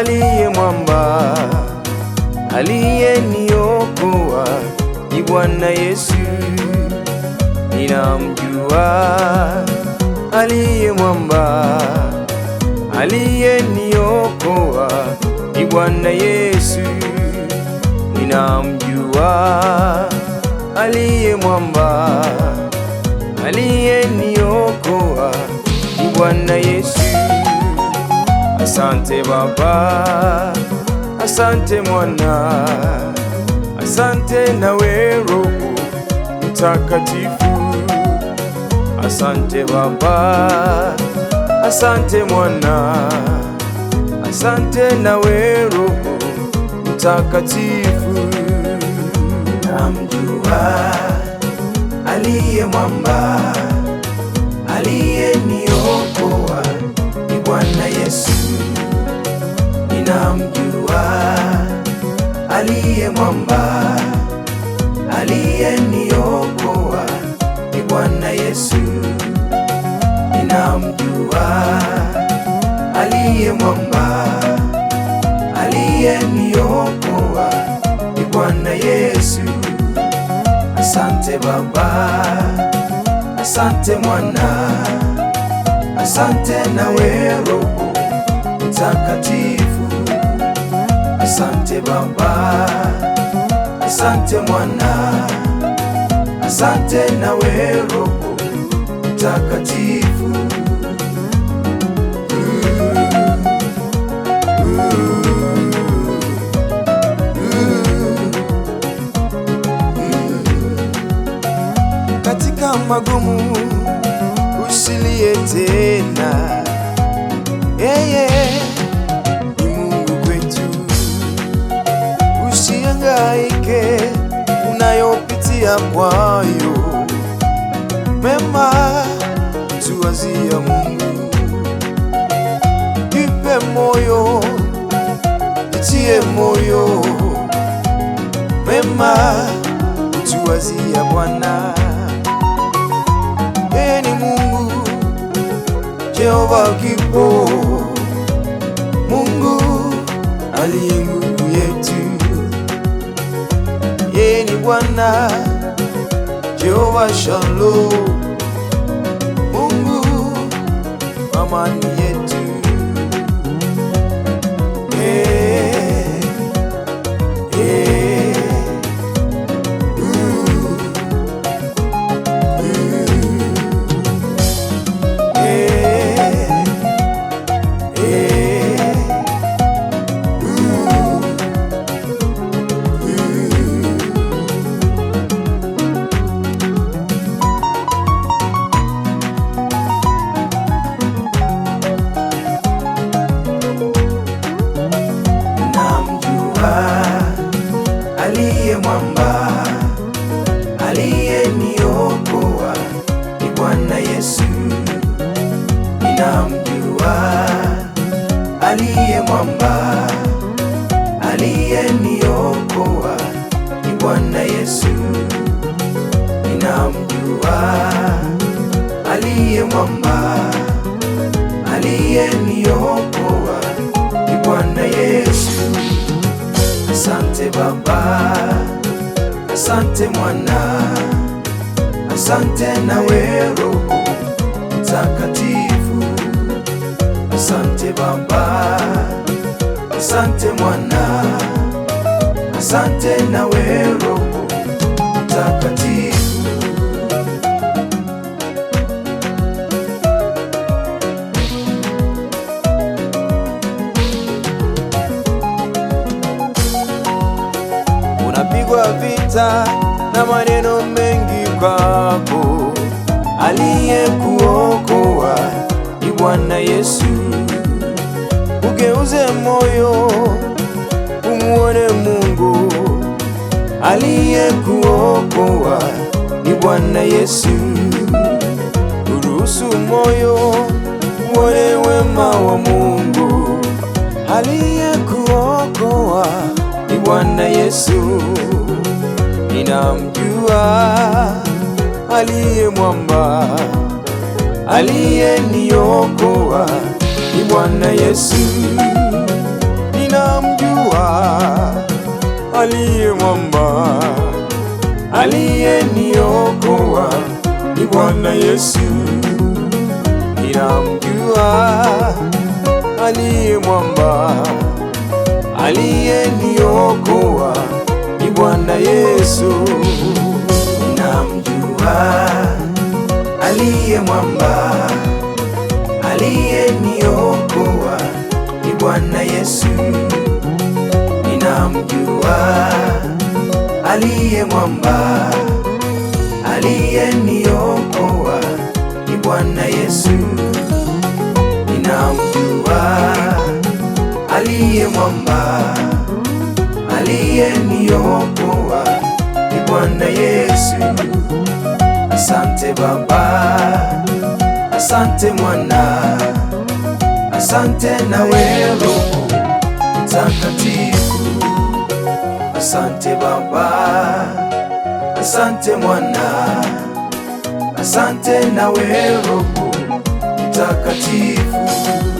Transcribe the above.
aliye mwamba, aliyeniokoa ni Bwana Yesu. Ninamjua aliye mwamba, aliyeniokoa ni Bwana Yesu. Ninamjua aliye mwamba, aliyeniokoa ni Bwana Yesu. Asante Baba, asante Mwana, asante nawe Roho Mtakatifu. Asante Baba, asante Mwana, asante nawe Roho Mtakatifu. Namjua aliye mwamba aliyeniokoa ni Bwana Yesu nitamjua aliye mwamba, aliyeniokoa ni Bwana Yesu. Ninamjua aliye mwamba, aliyeniokoa ni Bwana Yesu. Asante Baba, asante Mwana, asante wewe Roho Mtakatifu. Asante Baba, asante Mwana, asante nawe Roho Mtakatifu. Katika magumu usiliete ya kwayo mema, tuwazia Mungu, ipe moyo, itie moyo mema, tuwazia Bwana. Ee ni Mungu Jehova kipo Mungu aliye Bwana Jehova Shalom, Mungu amani yetu hey. mwamba aliyeniokoa ni Bwana Yesu, ninamjua aliye mwamba aliyeniokoa ni Bwana Yesu, ninamjua aliye mwamba aliyeniokoa ni Bwana Yesu. Asante Baba, asante Mwana, asante nawe Roho Mtakatifu. Asante Baba, asante Mwana, asante nawe Roho vita na maneno mengi kwako. Aliyekuokoa ni Bwana Yesu. Ugeuze moyo umuone Mungu. Aliyekuokoa ni Bwana Yesu. Uruhusu moyo uone wema wa Mungu. Aliyekuokoa ni Bwana Yesu ninamjua aliye mwamba, aliyeniokoa ni Bwana Yesu. Ninamjua aliye mwamba, aliyeniokoa ni Bwana Yesu. Ninamjua aliye mwamba, aliyeniokoa Bwana Yesu namjua, aliye mwamba, niokoa ni Bwana Yesu. Ninamjua, aliye mwamba, niokoa ni Bwana Yesu. Ninamjua, aliye mwamba aliyeniokoa ni Bwana Yesu. Asante Baba, asante Mwana, asante nawe Roho Mtakatifu. Asante Baba, asante Mwana, asante nawe Roho Mtakatifu.